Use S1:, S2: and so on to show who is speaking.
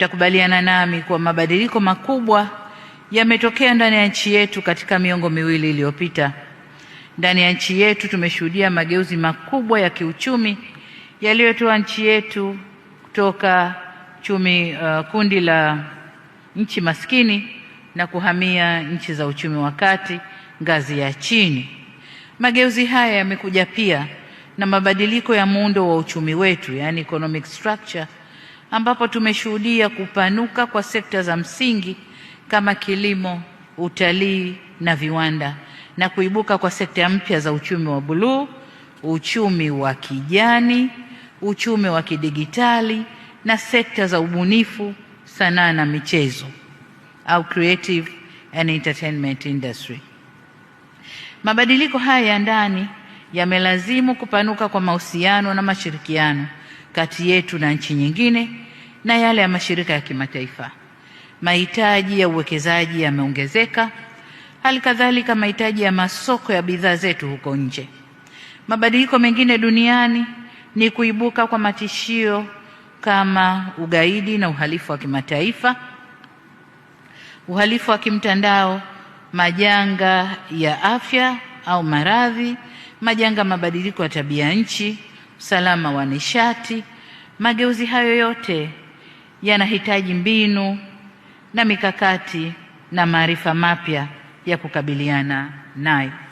S1: Mtakubaliana nami kuwa mabadiliko makubwa yametokea ndani ya nchi yetu katika miongo miwili iliyopita. Ndani ya nchi yetu tumeshuhudia mageuzi makubwa ya kiuchumi yaliyotoa nchi yetu kutoka chumi uh, kundi la nchi maskini na kuhamia nchi za uchumi wa kati ngazi ya chini. Mageuzi haya yamekuja pia na mabadiliko ya muundo wa uchumi wetu, yani economic structure ambapo tumeshuhudia kupanuka kwa sekta za msingi kama kilimo, utalii na viwanda na kuibuka kwa sekta mpya za uchumi wa buluu, uchumi wa kijani, uchumi wa kidigitali na sekta za ubunifu, sanaa na michezo au creative and entertainment industry. Mabadiliko haya ya ndani yamelazimu kupanuka kwa mahusiano na mashirikiano kati yetu na nchi nyingine na yale ya mashirika ya kimataifa. Mahitaji ya uwekezaji yameongezeka, hali kadhalika mahitaji ya masoko ya bidhaa zetu huko nje. Mabadiliko mengine duniani ni kuibuka kwa matishio kama ugaidi na uhalifu wa kimataifa, uhalifu wa kimtandao, majanga ya afya au maradhi, majanga mabadiliko ya tabia nchi, usalama wa nishati. Mageuzi hayo yote yanahitaji mbinu na mikakati na maarifa mapya ya kukabiliana nayo.